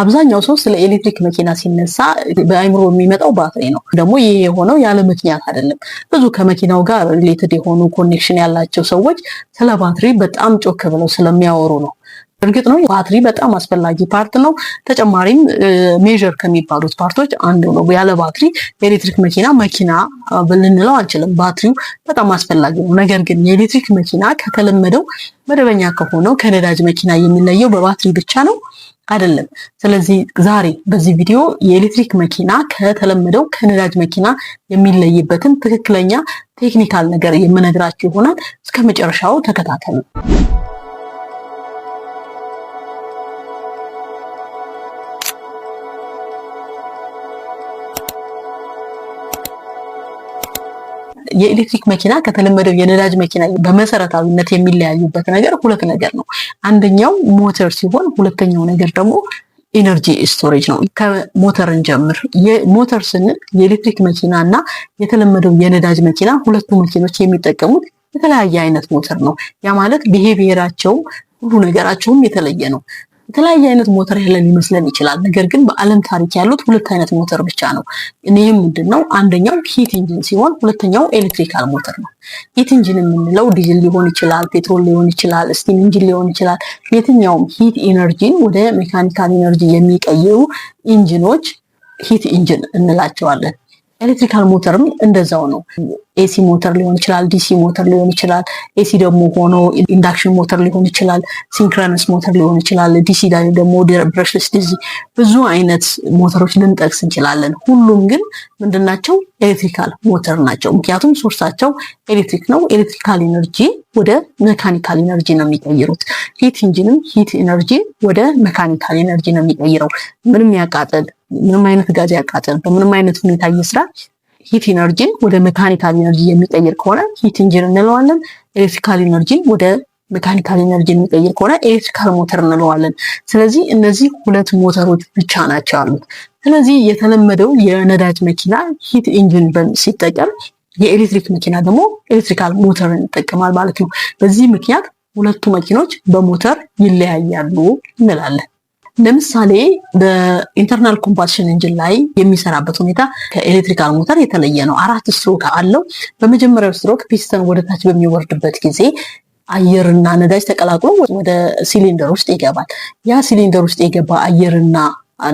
አብዛኛው ሰው ስለ ኤሌክትሪክ መኪና ሲነሳ በአይምሮ የሚመጣው ባትሪ ነው። ደግሞ ይህ የሆነው ያለ ምክንያት አይደለም። ብዙ ከመኪናው ጋር ሪሌትድ የሆኑ ኮኔክሽን ያላቸው ሰዎች ስለ ባትሪ በጣም ጮክ ብለው ስለሚያወሩ ነው። እርግጥ ነው ባትሪ በጣም አስፈላጊ ፓርት ነው። ተጨማሪም ሜዥር ከሚባሉት ፓርቶች አንዱ ነው። ያለ ባትሪ የኤሌክትሪክ መኪና መኪና ልንለው አንችልም። ባትሪው በጣም አስፈላጊ ነው። ነገር ግን የኤሌክትሪክ መኪና ከተለመደው መደበኛ ከሆነው ከነዳጅ መኪና የሚለየው በባትሪ ብቻ ነው። አይደለም። ስለዚህ ዛሬ በዚህ ቪዲዮ የኤሌክትሪክ መኪና ከተለመደው ከነዳጅ መኪና የሚለይበትን ትክክለኛ ቴክኒካል ነገር የምነግራችሁ ይሆናል። እስከ መጨረሻው ተከታተሉ። የኤሌክትሪክ መኪና ከተለመደው የነዳጅ መኪና በመሰረታዊነት የሚለያዩበት ነገር ሁለት ነገር ነው። አንደኛው ሞተር ሲሆን ሁለተኛው ነገር ደግሞ ኢነርጂ ስቶሬጅ ነው። ከሞተርን ጀምር። ሞተር ስንል የኤሌክትሪክ መኪና እና የተለመደው የነዳጅ መኪና ሁለቱ መኪኖች የሚጠቀሙት የተለያየ አይነት ሞተር ነው። ያ ማለት ቢሄቪየራቸው ሁሉ ነገራቸውም የተለየ ነው። የተለያየ አይነት ሞተር ያለን ሊመስለን ይችላል። ነገር ግን በዓለም ታሪክ ያሉት ሁለት አይነት ሞተር ብቻ ነው። ይህም ምንድን ነው? አንደኛው ሂት ኢንጂን ሲሆን ሁለተኛው ኤሌክትሪካል ሞተር ነው። ሂት ኢንጂን የምንለው ዲዝል ሊሆን ይችላል፣ ፔትሮል ሊሆን ይችላል፣ ስቲም ኢንጂን ሊሆን ይችላል። የትኛውም ሂት ኢነርጂን ወደ ሜካኒካል ኢነርጂ የሚቀይሩ ኢንጂኖች ሂት ኢንጂን እንላቸዋለን። ኤሌክትሪካል ሞተርም እንደዛው ነው። ኤሲ ሞተር ሊሆን ይችላል፣ ዲሲ ሞተር ሊሆን ይችላል። ኤሲ ደግሞ ሆኖ ኢንዳክሽን ሞተር ሊሆን ይችላል፣ ሲንክረነስ ሞተር ሊሆን ይችላል። ዲሲ ላይ ደግሞ ብረሽለስ ዲሲ፣ ብዙ አይነት ሞተሮች ልንጠቅስ እንችላለን። ሁሉም ግን ምንድናቸው? ኤሌክትሪካል ሞተር ናቸው። ምክንያቱም ሶርሳቸው ኤሌክትሪክ ነው። ኤሌክትሪካል ኤነርጂ ወደ መካኒካል ኤነርጂ ነው የሚቀይሩት። ሂት ኢንጂንም ሂት ኤነርጂ ወደ መካኒካል ኤነርጂ ነው የሚቀይረው። ምንም ያቃጥል ምንም አይነት ጋዝ ያቃጥል በምንም አይነት ሁኔታ እየስራ ሂት ኢነርጂን ወደ ሜካኒካል ኢነርጂ የሚቀይር ከሆነ ሂት ኢንጂን እንለዋለን። ኤሌክትሪካል ኢነርጂን ወደ ሜካኒካል ኢነርጂ የሚቀይር ከሆነ ኤሌክትሪካል ሞተር እንለዋለን። ስለዚህ እነዚህ ሁለት ሞተሮች ብቻ ናቸው ያሉት። ስለዚህ የተለመደው የነዳጅ መኪና ሂት ኢንጂን ሲጠቀም፣ የኤሌክትሪክ መኪና ደግሞ ኤሌክትሪካል ሞተር ይጠቀማል ማለት ነው። በዚህ ምክንያት ሁለቱ መኪኖች በሞተር ይለያያሉ እንላለን። ለምሳሌ በኢንተርናል ኮምባሽን እንጅን ላይ የሚሰራበት ሁኔታ ከኤሌክትሪካል ሞተር የተለየ ነው። አራት ስትሮክ አለው። በመጀመሪያው ስትሮክ ፒስተን ወደታች በሚወርድበት ጊዜ አየርና ነዳጅ ተቀላቅሎ ወደ ሲሊንደር ውስጥ ይገባል። ያ ሲሊንደር ውስጥ የገባ አየርና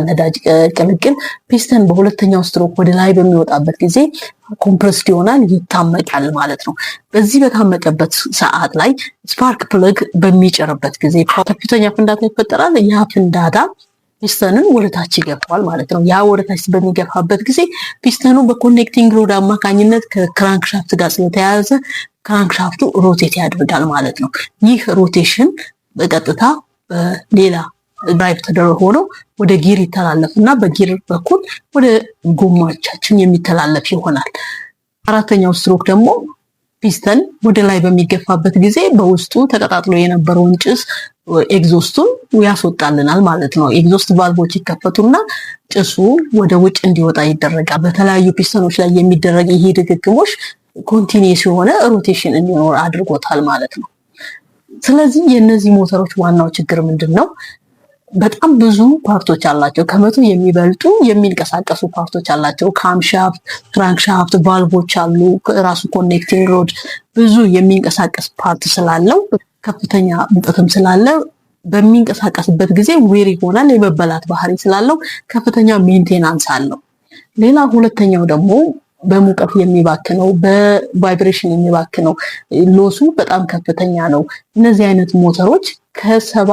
ነዳጅ ቅልቅል ፒስተን በሁለተኛው ስትሮክ ወደ ላይ በሚወጣበት ጊዜ ኮምፕረስድ ይሆናል፣ ይታመቃል ማለት ነው። በዚህ በታመቀበት ሰዓት ላይ ስፓርክ ፕለግ በሚጭርበት ጊዜ ከፍተኛ ፍንዳታ ይፈጠራል። ያ ፍንዳታ ፒስተንን ወደታች ይገፋዋል ማለት ነው። ያ ወደታች በሚገፋበት ጊዜ ፒስተኑ በኮኔክቲንግ ሮድ አማካኝነት ከክራንክሻፍት ጋር ስለተያያዘ ክራንክሻፍቱ ሮቴት ያደርጋል ማለት ነው። ይህ ሮቴሽን በቀጥታ በሌላ ድራይቭ ተደረገ ሆኖ ወደ ጊር ይተላለፍ እና በጊር በኩል ወደ ጎማቻችን የሚተላለፍ ይሆናል። አራተኛው ስትሮክ ደግሞ ፒስተን ወደ ላይ በሚገፋበት ጊዜ በውስጡ ተቀጣጥሎ የነበረውን ጭስ ኤግዞስቱን ያስወጣልናል ማለት ነው። ኤግዞስት ቫልቮች ይከፈቱና ጭሱ ወደ ውጭ እንዲወጣ ይደረጋል። በተለያዩ ፒስተኖች ላይ የሚደረግ ይሄ ድግግሞሽ ኮንቲኒስ የሆነ ሮቴሽን እንዲኖር አድርጎታል ማለት ነው። ስለዚህ የእነዚህ ሞተሮች ዋናው ችግር ምንድን ነው? በጣም ብዙ ፓርቶች አላቸው። ከመቶ የሚበልጡ የሚንቀሳቀሱ ፓርቶች አላቸው። ካምሻፍት፣ ክራንክሻፍት፣ ቫልቮች አሉ። ራሱ ኮኔክቲንግ ሮድ ብዙ የሚንቀሳቀስ ፓርት ስላለው ከፍተኛ ሙቀትም ስላለ በሚንቀሳቀስበት ጊዜ ዌር ይሆናል። የመበላት ባህሪ ስላለው ከፍተኛ ሜንቴናንስ አለው። ሌላ ሁለተኛው ደግሞ በሙቀት የሚባክነው በቫይብሬሽን የሚባክነው ሎሱ በጣም ከፍተኛ ነው። እነዚህ አይነት ሞተሮች ከሰባ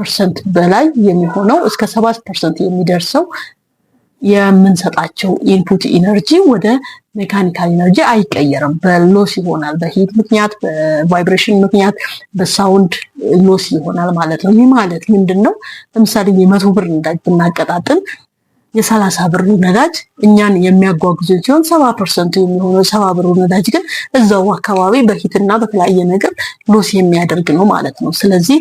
ፐርሰንት በላይ የሚሆነው እስከ ሰባት ፐርሰንት የሚደርሰው የምንሰጣቸው ኢንፑት ኢነርጂ ወደ ሜካኒካል ኢነርጂ አይቀየርም። በሎስ ይሆናል፣ በሂት ምክንያት፣ በቫይብሬሽን ምክንያት፣ በሳውንድ ሎስ ይሆናል ማለት ነው። ይህ ማለት ምንድን ነው? ለምሳሌ የመቶ ብር ብናቀጣጥም። የሰላሳ ብሩ ነዳጅ እኛን የሚያጓጉዘን ሲሆን ሰባ ፐርሰንቱ የሚሆነው ሰባ ብሩ ነዳጅ ግን እዛው አካባቢ በፊትና በተለያየ ነገር ሎስ የሚያደርግ ነው ማለት ነው። ስለዚህ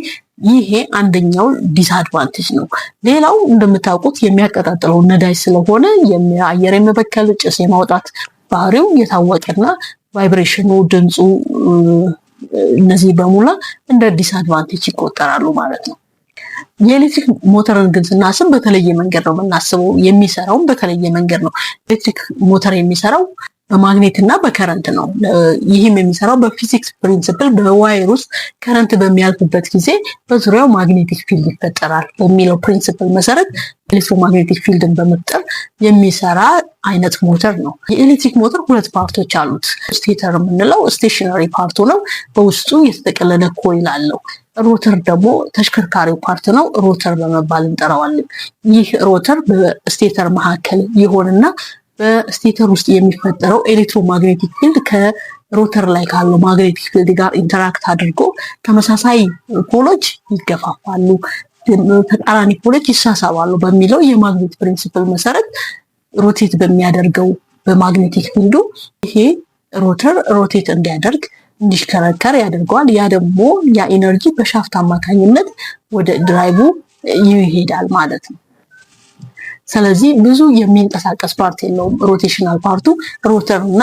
ይሄ አንደኛው ዲስአድቫንቴጅ ነው። ሌላው እንደምታውቁት የሚያቀጣጥለው ነዳጅ ስለሆነ አየር የመበከል ጭስ የማውጣት ባህሪው የታወቀና ቫይብሬሽኑ ድምፁ እነዚህ በሙላ እንደ ዲስአድቫንቴጅ ይቆጠራሉ ማለት ነው። የኤሌክትሪክ ሞተርን ግን ስናስብ በተለየ መንገድ ነው የምናስበው። የሚሰራውም በተለየ መንገድ ነው። ኤሌክትሪክ ሞተር የሚሰራው በማግኔት እና በከረንት ነው። ይህም የሚሰራው በፊዚክስ ፕሪንስፕል በዋይር ውስጥ ከረንት በሚያልፍበት ጊዜ በዙሪያው ማግኔቲክ ፊልድ ይፈጠራል በሚለው ፕሪንስፕል መሰረት ኤሌክትሮማግኔቲክ ፊልድን በመፍጠር የሚሰራ አይነት ሞተር ነው። የኤሌክትሪክ ሞተር ሁለት ፓርቶች አሉት። ስቴተር የምንለው ስቴሽነሪ ፓርቱ ነው። በውስጡ የተጠቀለለ ኮይል አለው። ሮተር ደግሞ ተሽከርካሪው ፓርት ነው። ሮተር በመባል እንጠራዋለን። ይህ ሮተር በስቴተር መካከል የሆነና በስቴተር ውስጥ የሚፈጠረው ኤሌክትሮማግኔቲክ ፊልድ ከሮተር ላይ ካለው ማግኔቲክ ፊልድ ጋር ኢንተራክት አድርጎ ተመሳሳይ ፖሎች ይገፋፋሉ፣ ተቃራኒ ፖሎች ይሳሳባሉ በሚለው የማግኔት ፕሪንሲፕል መሰረት ሮቴት በሚያደርገው በማግኔቲክ ፊልዱ ይሄ ሮተር ሮቴት እንዲያደርግ እንዲሽከረከር ያደርገዋል። ያ ደግሞ ያ ኢነርጂ በሻፍት አማካኝነት ወደ ድራይቡ ይሄዳል ማለት ነው። ስለዚህ ብዙ የሚንቀሳቀስ ፓርት የለውም። ሮቴሽናል ፓርቱ ሮተር እና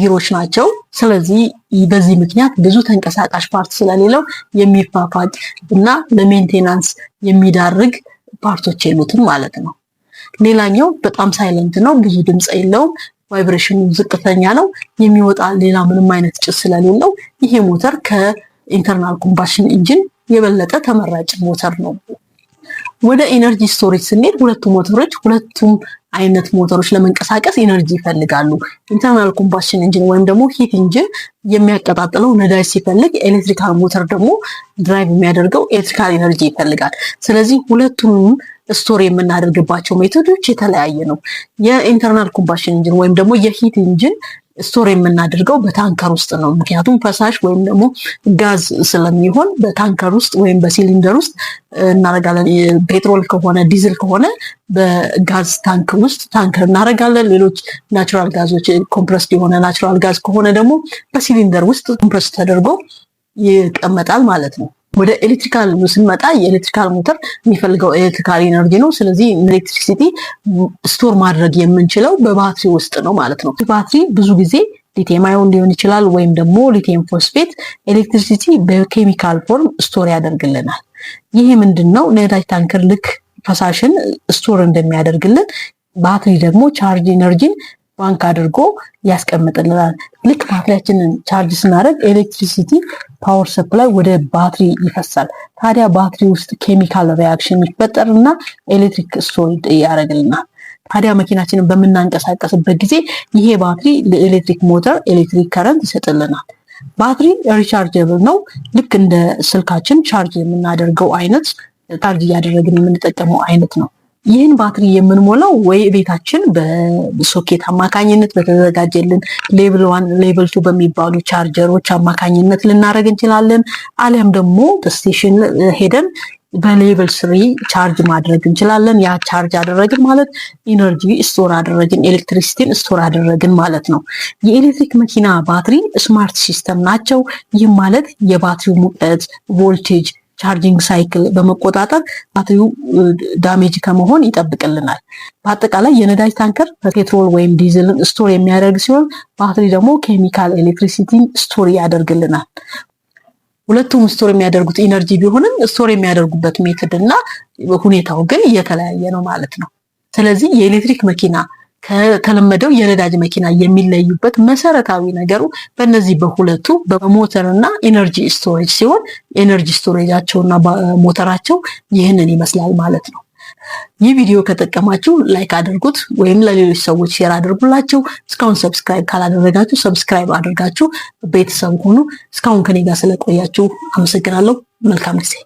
ጊሮች ናቸው። ስለዚህ በዚህ ምክንያት ብዙ ተንቀሳቃሽ ፓርት ስለሌለው የሚፋፋጭ እና ለሜንቴናንስ የሚዳርግ ፓርቶች የሉትም ማለት ነው። ሌላኛው በጣም ሳይለንት ነው። ብዙ ድምፅ የለውም። ቫይብሬሽኑ ዝቅተኛ ነው። የሚወጣ ሌላ ምንም አይነት ጭስ ስለሌለው ይሄ ሞተር ከኢንተርናል ኮምባሽን ኢንጂን የበለጠ ተመራጭ ሞተር ነው። ወደ ኤነርጂ ስቶሬጅ ስንሄድ ሁለቱ ሞተሮች ሁለቱም አይነት ሞተሮች ለመንቀሳቀስ ኤነርጂ ይፈልጋሉ። ኢንተርናል ኮምባሽን ኢንጂን ወይም ደግሞ ሂት ኢንጂን የሚያቀጣጥለው ነዳጅ ሲፈልግ፣ ኤሌክትሪካል ሞተር ደግሞ ድራይቭ የሚያደርገው ኤሌክትሪካል ኤነርጂ ይፈልጋል። ስለዚህ ሁለቱንም ስቶር የምናደርግባቸው ሜቶዶች የተለያየ ነው። የኢንተርናል ኮምባሽን ኢንጂን ወይም ደግሞ የሂት ኢንጂን ስቶር የምናደርገው በታንከር ውስጥ ነው። ምክንያቱም ፈሳሽ ወይም ደግሞ ጋዝ ስለሚሆን በታንከር ውስጥ ወይም በሲሊንደር ውስጥ እናደርጋለን። ፔትሮል ከሆነ ዲዝል ከሆነ በጋዝ ታንክ ውስጥ ታንከር እናደርጋለን። ሌሎች ናቹራል ጋዞች ኮምፕረስድ የሆነ ናቹራል ጋዝ ከሆነ ደግሞ በሲሊንደር ውስጥ ኮምፕረስ ተደርጎ ይቀመጣል ማለት ነው። ወደ ኤሌክትሪካል ስንመጣ የኤሌክትሪካል ሞተር የሚፈልገው ኤሌክትሪካል ኤነርጂ ነው። ስለዚህ ኤሌክትሪክሲቲ ስቶር ማድረግ የምንችለው በባትሪ ውስጥ ነው ማለት ነው። ባትሪ ብዙ ጊዜ ሊቴም አዮን ሊሆን ይችላል ወይም ደግሞ ሊቴም ፎስፌት ኤሌክትሪሲቲ በኬሚካል ፎርም ስቶር ያደርግልናል። ይህ ምንድን ነው? ነዳጅ ታንከር ልክ ፈሳሽን ስቶር እንደሚያደርግልን ባትሪ ደግሞ ቻርጅ ኤነርጂን ባንክ አድርጎ ያስቀምጥልናል። ልክ ባትሪያችንን ቻርጅ ስናደርግ ኤሌክትሪሲቲ ፓወር ሰፕላይ ወደ ባትሪ ይፈሳል። ታዲያ ባትሪ ውስጥ ኬሚካል ሪያክሽን ይፈጠርና ኤሌክትሪክ ስቶርድ ያደርግልናል። ታዲያ መኪናችንን በምናንቀሳቀስበት ጊዜ ይሄ ባትሪ ለኤሌክትሪክ ሞተር ኤሌክትሪክ ከረንት ይሰጥልናል። ባትሪ ሪቻርጀብል ነው። ልክ እንደ ስልካችን ቻርጅ የምናደርገው አይነት ቻርጅ እያደረግን የምንጠቀመው አይነት ነው። ይህን ባትሪ የምንሞላው ወይ ቤታችን በሶኬት አማካኝነት በተዘጋጀልን ሌብል ዋን ሌብል ቱ በሚባሉ ቻርጀሮች አማካኝነት ልናደረግ እንችላለን። አሊያም ደግሞ ስቴሽን ሄደን በሌብል ስሪ ቻርጅ ማድረግ እንችላለን። ያ ቻርጅ አደረግን ማለት ኢነርጂ ስቶር አደረግን፣ ኤሌክትሪሲቲን ስቶር አደረግን ማለት ነው። የኤሌክትሪክ መኪና ባትሪ ስማርት ሲስተም ናቸው። ይህም ማለት የባትሪው ሙቀት ቮልቴጅ ቻርጂንግ ሳይክል በመቆጣጠር ባትሪው ዳሜጅ ከመሆን ይጠብቅልናል። በአጠቃላይ የነዳጅ ታንከር ፔትሮል ወይም ዲዝልን ስቶር የሚያደርግ ሲሆን ባትሪ ደግሞ ኬሚካል ኤሌክትሪሲቲን ስቶር ያደርግልናል። ሁለቱም ስቶር የሚያደርጉት ኢነርጂ ቢሆንም ስቶር የሚያደርጉበት ሜትድ እና ሁኔታው ግን እየተለያየ ነው ማለት ነው። ስለዚህ የኤሌክትሪክ መኪና ከተለመደው የነዳጅ መኪና የሚለዩበት መሰረታዊ ነገሩ በእነዚህ በሁለቱ በሞተር እና ኤነርጂ ስቶሬጅ ሲሆን ኤነርጂ ስቶሬጃቸው እና ሞተራቸው ይህንን ይመስላል ማለት ነው። ይህ ቪዲዮ ከጠቀማችሁ ላይክ አድርጉት፣ ወይም ለሌሎች ሰዎች ሼር አድርጉላቸው። እስካሁን ሰብስክራይብ ካላደረጋችሁ ሰብስክራይብ አድርጋችሁ ቤተሰብ ሆኑ። እስካሁን ከኔ ጋር ስለቆያችሁ አመሰግናለሁ። መልካም ጊዜ